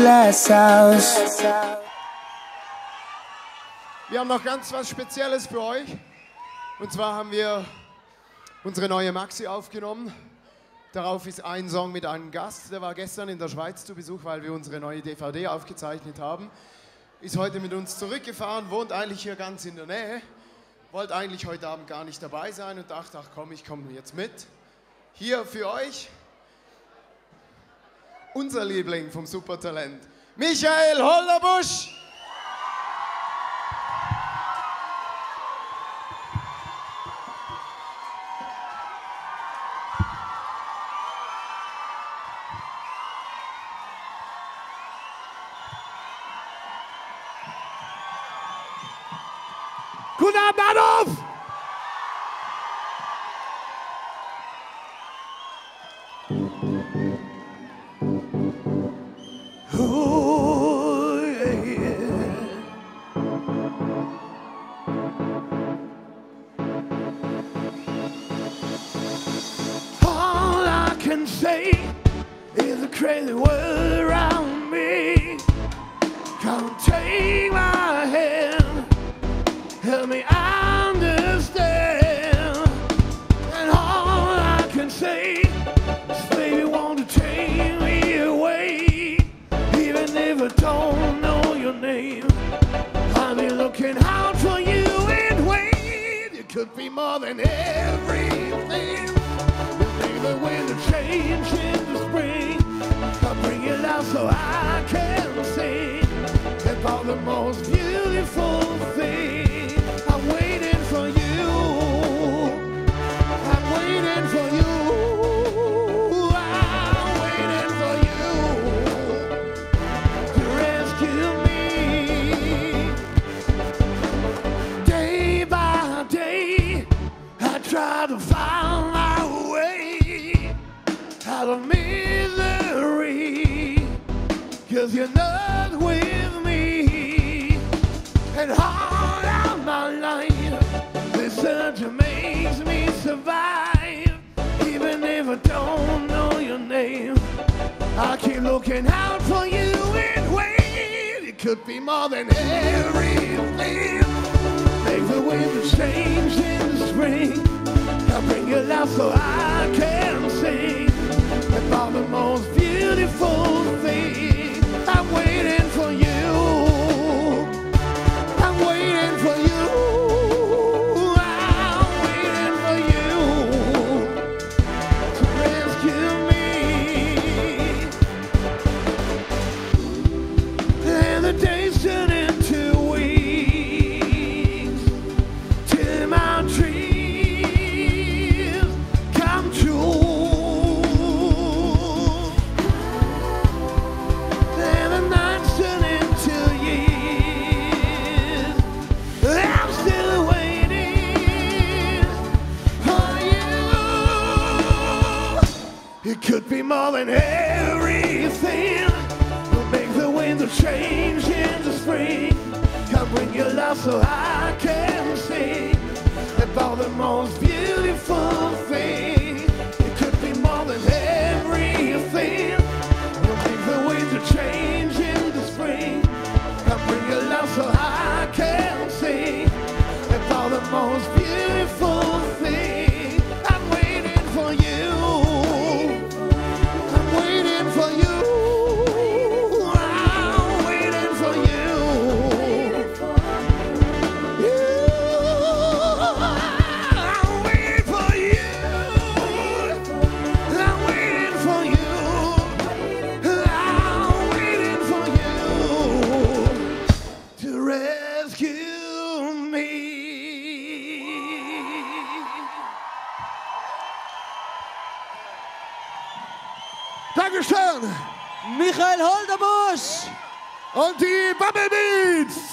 Glass House. Wir haben noch ganz was Spezielles für euch. Und zwar haben wir unsere neue Maxi aufgenommen. Darauf ist ein Song mit einem Gast, der war gestern in der Schweiz zu Besuch, weil wir unsere neue DVD aufgezeichnet haben. Ist heute mit uns zurückgefahren, wohnt eigentlich hier ganz in der Nähe, wollte eigentlich heute Abend gar nicht dabei sein und dachte, ach komm, ich komme jetzt mit. Hier für euch unser Liebling vom Supertalent, Michael Hollerbusch. Thank you. Oh, yeah, All I can say is a crazy world around me. Come take my hand, help me out. more than everything. Believe it when the change in the spring. Come bring it out so I can sing. It's all the most beautiful thing. try to find my way out of misery. Cause you're not with me. And all of my life, this search makes me survive. Even if I don't know your name, I keep looking out for you and wait. It could be more than everything. Make the wind change in the spring i bring you love so I can sing. It could be more than everything. We'll make the winds of change in the spring. Come bring your love so I can sing about the most beautiful thing. Dankeschön. Michael Holderbusch. Und die Bubble Beats.